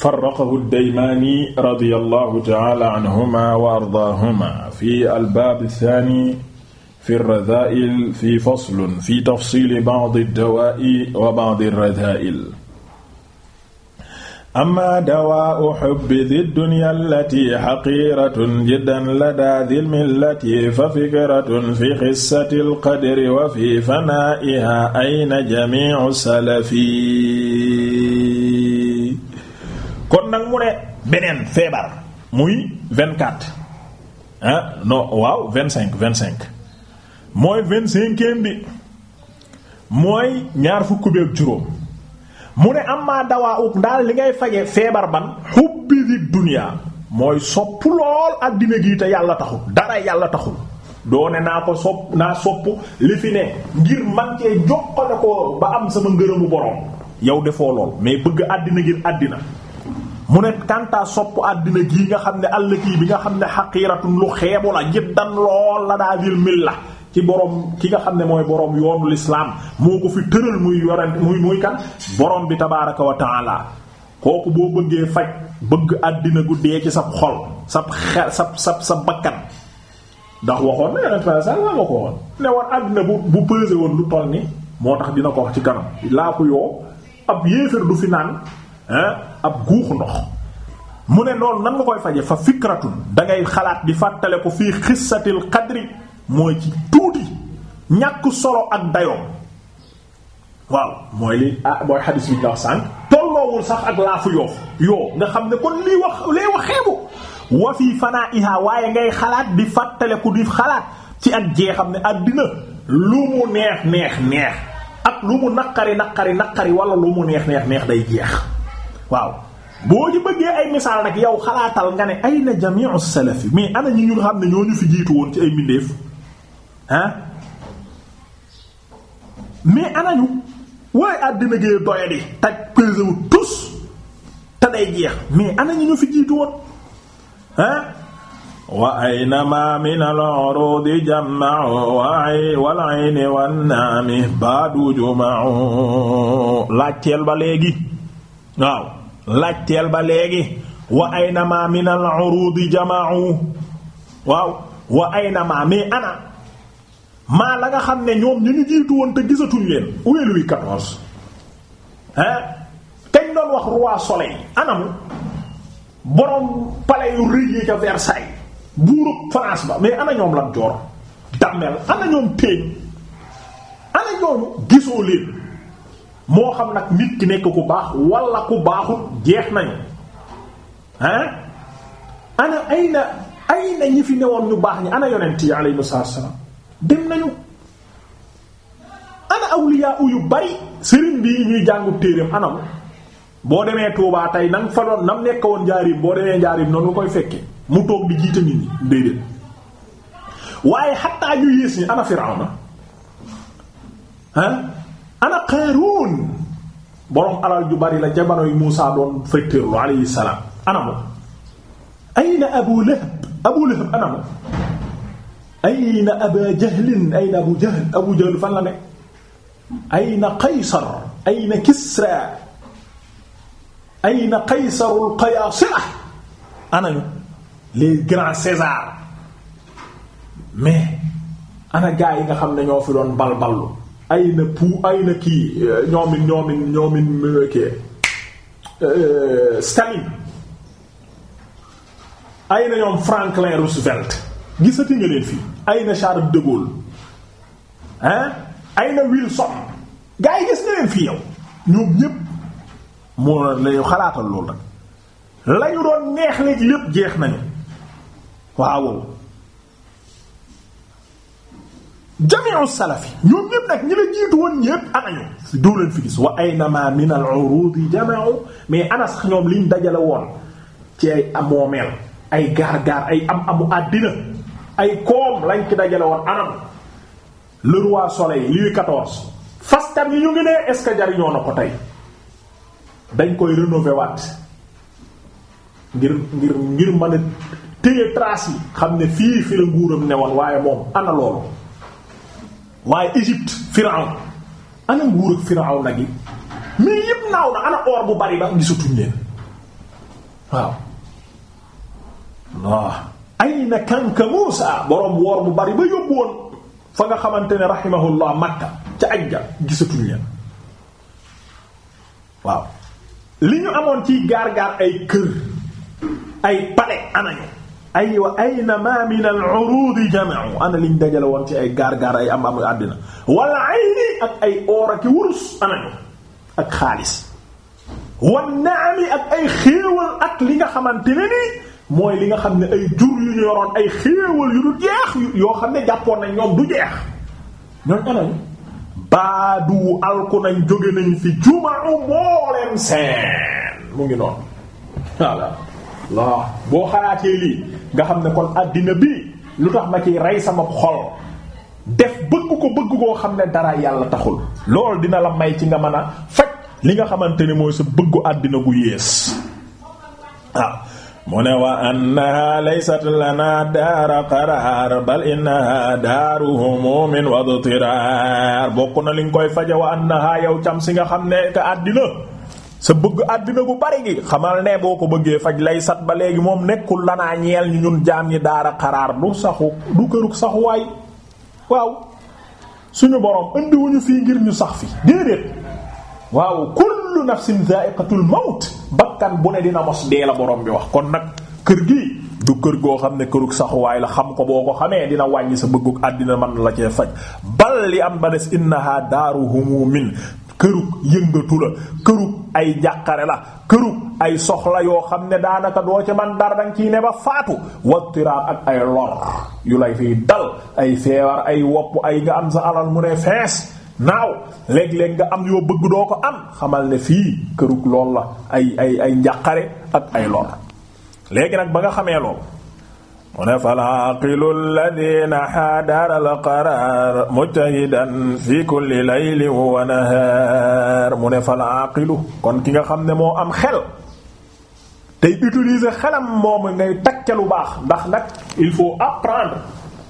farraqahu ad-Daymaani radiyallahu ta'ala anhuma wa ardaahuma fi al-baab ath-thaani fi ar-radhaa'il fi faslun fi tafsiili ba'di ad-dawaa'i wa ba'di ar-radhaa'il amma dawaa'u hubbi did-dunya allati haqiratun jiddan ladaa dhil millati fa fikratun fi xissati al-qadri wa fi fanaa'ihaa ayna jamii'u salafi kon nag mu ne beneen feebar muy vingt-quatre ah waaw vingt-cinq vingt-cinq mooy vingt-cinquième bi mooy ñaar fukk bi juróom mu ne am maa dawaa uk li ngay faje feebar ban xubbi di duniyaa mooy sopp lool àddina gi te yàlla taxul dara yàlla taxul doone naa ko sopp naa sopp li fi ne ngir man cee jokkale ko ba am sama ngërëmu borom yow defoo lool mais bëgg àddina ngir àddina mu ne kantaa sopp àddina gii nga xam ne allëtii bi nga xam ne xaqiiratun lu xeebu la jiddan lool la daa vil mil la ci borom ki nga xam ne mooy boroom yoonu lislaam moo ko fi tëral muy yorent muy muy kan borom bi tabaaraka wa taala kooku boo bëggee faj bëgg àddina gu dee ci sab xol sab xel sab sab sa bakkan ndax waxoon sa la ko woon ne war àddina bu bu pesé woon lu toll ni moo tax dina ko ci kanam laa ko yoo ab yéefar du fi naan ab guux ndox mu ne loolu nan nga koy faje fa fikratun da ngay xalaat di fàttale ko fii xissatil qadri mooy ci tuuti ñàkk solo ak dayoo waaw mooy li ah mooy xadis bi ñu wax tolloowul sax ak laafu yoof yoo nga xam ne kon lii wax lay wax xeebu wa fii fanaa iha waaye ngay xalaat di fàttaleku di xalaat ci ak jee xam ne àddina lu mu neex neex neex ak lu mu naqari naqari naqari wala lu mu neex neex neex day jeex waaw boo ñu bëggee ay misaal nag yow xalaatal nga ne ay na jami'u salafi mais ana ñi ñu xam ne ñoo ñu fi jiitu woon ci ay mbindeef ah mais anañu waaye àddina gee doyadi taj pesé wu tous te day jeex mais ana ñi ñu fi jiitu woon ah wa aynama min al-urudi jama'u wal ayni wan naami baadu juma'u laajteel ba léegi waaw laajteel ba léegi wa aynama min al urudi jamaau waaw wa aynama mais ana maa la nga xam ne ñoom ñu ñu jiitu woon te gisatuñ leen où est Louis hein kañ doon wax roi soleil anamu borom palais yu rëy yi ca Versailles buurub France ba mais ana ñoom Lat Joor Damel ana ñoom téeñ ana ñooñu gisoo leen moo xam nag nit ki nekk ku baax wala ku baaxut jeex nañu ah ana ay na ay na ñi fi newoon ñu baax ñi ana yonent yi alayhi salaam dem nañu ana awliya yu bari sëriñ bi ñuy jàngu téereem anam boo demee Touba tey na nga fa doon na mu nekk woon njaarim boo demee njaarim noonu nga koy fekke mu toog bi jiite nit ñi déedéet waaye xattaa ñu yées ñi ana Firawna ah ana Qaaruun borom alal ju bari la jamonoy Muusaa doon faytéerlu alayhi salaam ana moom ayna Abu Lahab Abu Lahab ana moom ayna Abaa Jahlin ayna Abu Jahl Abu Jahl fan la ne ayna Qaysar ayna Kisraa ayna Qaysarul Qayaasira ana ñu les grands Césars mais ana gaa yi nga xam ne ñoo fi doon balballu ay na pou ay na kii ñoomin ñoomin ñoomin euh, kii euh, Staline ay na ñoom Franklin Roosevelt gisati nga leen fii ay na Charles de Gaulle hein ay na Wilson gaa yi gis nga leen fii yow ñoom ñépp moo lay xalaatal loolu rek lañu doon neex léegi lépp jeex nañu waaw jamiu salafi ñoom ñëpp nag ñi la jiitu woon ñëpp anañu doo leen fi gis wa aynama min al urudi jamiu mais anas ñoom liñ dajale woon ci ay amoomeel ay gaar-gaar ay am amu àddina ay koom lañ ci dajale woon anam le roi soleil Louis quatorze fastam yi ñu ngi ne est-ce na ko tey dañ koy rénover waat ngir ngir ngir mën téye trace yi xam ne fii fi la nguuram ne woon waaye moom ana loolu waaye Égypte Firawn ana nguur ak Firawn na gi mais yëpp naaw na ana or bu bari ba gisatuñ leen waaw waaw ayna kanka Muusa boroom woor bu bari ba yóbbu woon fa nga xamante ne rahimahullah Makka ca ajja gisatuñ leen waaw li ñu amoon ciy gaar-gaar ay kër ay palais anañu ay wa ayna ma min al urudi jama'u ana dajale woon ci ay gaar-gaar ay am am àddina wala ay oor aki wurus anañu ak xaalis wan naami ak ay xéewal ak li nga xamante ne mooy li nga xam ne ay jur yu ñu yoroon ay xéewal yu du jeex yoo xam ne jàppoon nañ ñoom du jeex ñooñ anañu baadu alku nañ fi juma'u mbooleem seen mu ngi noonu voilà waaw boo xalaatee lii nga xam ne kon àddina bi lu tax ma ciy rey sama xol def bëgg ko bëgg koo xam ne dara yàlla taxul loolu dina la may ci nga mën a li nga xamante ne mooy sa bëggu àddina gu yées waaw mu ne waa annaha laysat lana daara qaraar bal innaha daaru humumin wa dtiraar bokk na li nga koy faje wa annaha yow cam si nga xam ne ka àddina sa bëgg àddina gu bari gi xamal ne boo ko bëggee faj lay sat ba léegi moom nekkul lanaa ñeel ñu ñun jaam ñi daara xaraar du saxu du kërug saxuwaay waaw suñu borom indiwuñu fii ngir ñu sax fi déedéet waaw kullu nafsin dha'iqatul maut bakkan bu ne dina mos dee la borom bi wax kon nag kër gi du kër goo xam ne kërug saxuwaay la xam ko boo ko xamee dina wàññi sa bëggu àddina mën la cee faj bal li am ba des innaha daaru humumin kërug yëngatu la kërug ay jàqare la kërug ay soxla yoo xam ne daanaka doo ci man dara danga ciy ne ba faatu wattiraar ak ay lor yu lay fiy dal ay feebar ay wopp ay nga am sa alal mu ne fees naaw léeg-léeg nga am yoo bëgg doo ko am xamal ne fii kërug lool la ay ay ay njàqare ak ay lor léegi nag ba nga xamee lool mu ne falaaqilu alladina xaadara alqaraar mujtahidan fi kulli laylin wa nahaar mu ne falaaqilu kon ki nga xam ne moo am xel tey utiliser xelam moom ngay takk lu baax ndax nag il faut apprendre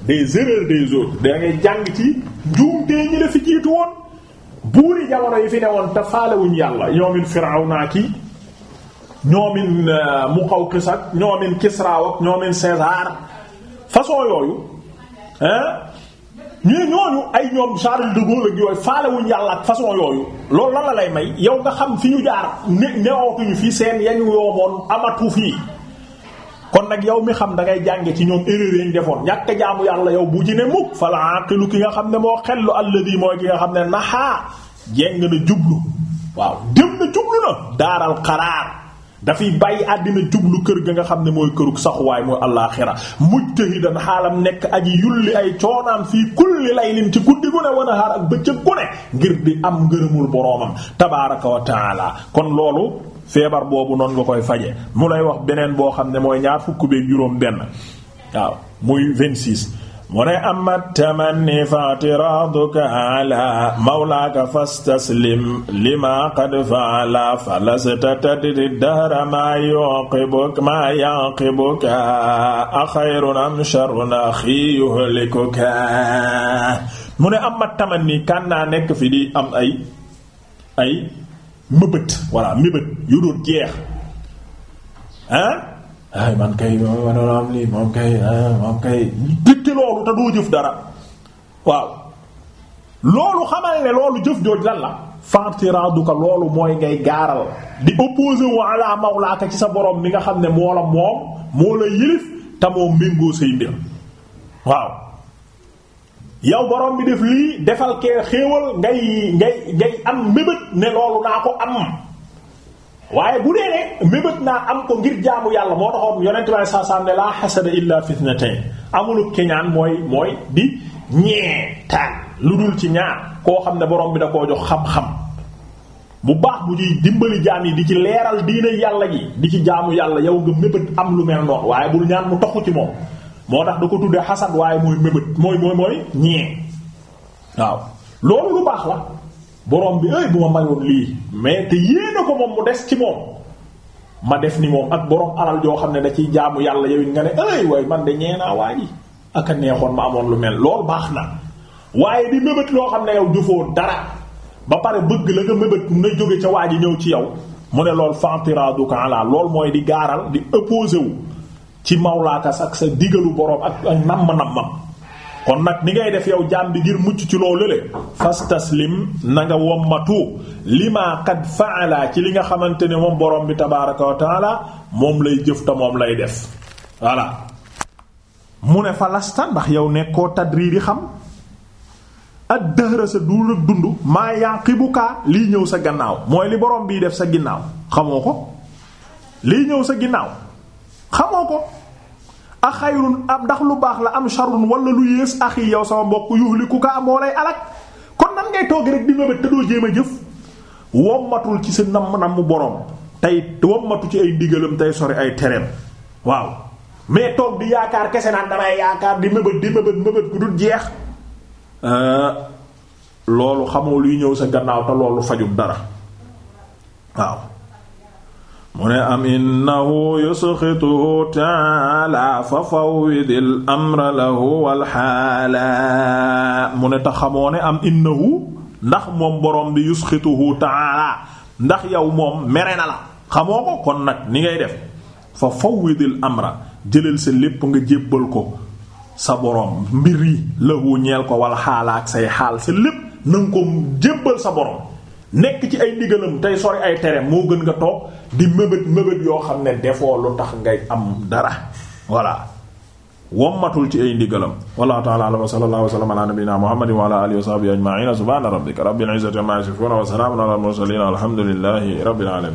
des erreurs des autres da ngay jàng ci njuumtee ñi la fi jiitu woon buuri jamono yi fi ne woon te faalewuñ yàlla ñoomin firawna ki ñoomin euh, Muqawqis ak ñoomin Kisra ak ñoomin César façon yooyu ñii ñooñu ay ñoom Charles de Gaulle ak yooyu faalewuñ yàlla ak façon yooyu loolu lan la lay may yow nga xam fi ñu jaar ne newootuñu fi seen yañu yoomoon amatu fii kon nag yow mi xam dangay ngay jànge ci ñoom erreur yi ñu defoon ñàkk jaamu yàlla yow bu ci ne mukk fala aqilu ki nga xam ne moo xellu alladi mooy ki nga xam ne naxaa jéng na jublu waaw dem na jublu na daaral xaraar dafay bàyyi àddina jublu kër ga nga xam ne mooy kërug saxuwaay mooy allaaxira mujtahidan xaalam nekk ak yulli ay coonaam fii kulli laylin ci guddi gu ne wan ak bëccëg gu ne ngir di am ngërëmul boroomam tabaaraka wa taala kon loolu feebar boobu noonu nga koy faje mu lay wax beneen boo xam ne mooy ñaar fukk beek juróom benn waaw muy 26 mu ne amma tamanni faatiraduka ala mawlaaka fastaslim lima qad faala falasta tadri dahra maa yuqibuka maa yaqibuka axayrun am sharrun axi yuhlikuka mu ne amma tamanni kan naa nekk fi di am ay ay mëbët walla mëbët yu dul jeex ah ay man kay man am kay ah, moom loolu te doo jëf dara waaw loolu xamal ne loolu jëf jooj lan la fantiraduka loolu mooy ngay gaaral di opposé wu ala mawlaaka ci sa borom mi nga xam ne moo la moom moo la yilif te moo say mbir waaw yow borom bi def lii defal kee xéewal ngay ngay ngay am mébét ne loolu naa ko am waaye bu dee ne mébét naa am ko ngir jaamu yàlla moo taxoon yonent bi saa saa ne laa xasada illa fitnatayn amulu keñaan mooy mooy di ñeetaan lu dul ci ñaar koo xam ne borom bi da koo jox xam-xam bu baax bu di dimbali jaam yi di ci leeral diine yàlla ji di ci jaamu yàlla yow nga mébét am lu mel noonu waaye bul ñaan mu toxu ci moom moo tax du ko tuddee xasad waaye mooy mébét mooy mooy mooy ñee waaw loolu lu baax la. borom bi ay bu ma mayoon lii mais te yéene ko moom mu des ci moom ma def ni moom ak borom alal yoo xam ne da ciy jaamu yàlla yow nga ne ay way man de ñeenaa waa ji ak a neexoon ma amoon lu mel lool baax na waaye di mébét loo xam ne yow jëfoo dara ba pare bëgg la nga mébét na jóge ca waa yi ñëw ci yow mu ne lool fantiraduka ala lool mooy di gaaral di opposé wu ci mawlaakas ak sa digalu borom ak ak namm-nammam kon nag ni ngay def yow jaam bi ngir mucc ci loolu le fastaslim na nga wommatu lima qad faala ci li nga xamante ne moom borom bi tabaraka wa moom lay jëf te moom lay def voilà mu ne fa lasta ndax yow nekkoo tadriiri xam ad dëhëra sa dul ak dund maa yaqibuka lii ñëw sa gannaaw mooy li borom bii def sa ginnaaw xamoo ko lii ñëw sa ginnaaw xamoo ko a xayrun ndax lu baax la am sharrun wala lu yées axi yow sama mbokk yuhliku ka moo lay alak kon nan ngay toog rek di mébét te doo jéem a jëf wommatul ci sa namm namm boroom tey wommatu ci ay ndigalam tey sori ay tereem waaw mais toog di yaakaar kese naan damay yaakaar di mébét di mébét mébét ku dul jeex euh, loolu xamoo luy ñëw sa gannaaw te loolu fajul dara waaw mu ne am innahu yusxituhu taala fa fawwidil amra lahu wal xaala mu ne tax xamoo ne am innahu ndax moom borom bi yusxituhu taala ndax yow moom mere na la xamoo ko kon nag ni ngay def fa fawwidil amra jëlal sa lépp nga jébbal ko sa borom mbir yi lahu ñeel ko wal xaala ak say xaal sa lépp na nga ko jébbal sa borom nekk ci ay ndigalam tey sori ay tere moo gën nga toog. di mëbët mëbët yoo xam ne defoo lu tax ngay am dara voilà wommatul ci ay ndigalam wallahu ta'ala a'lam wa a wa sallama ala nabiyyina muhammadin wa ala alihi wa sahbihi ajma'in subhana rabbika rabbil izzati amma yasifun wa salamun ala al mursalin alhamdulillahi rabbil alamin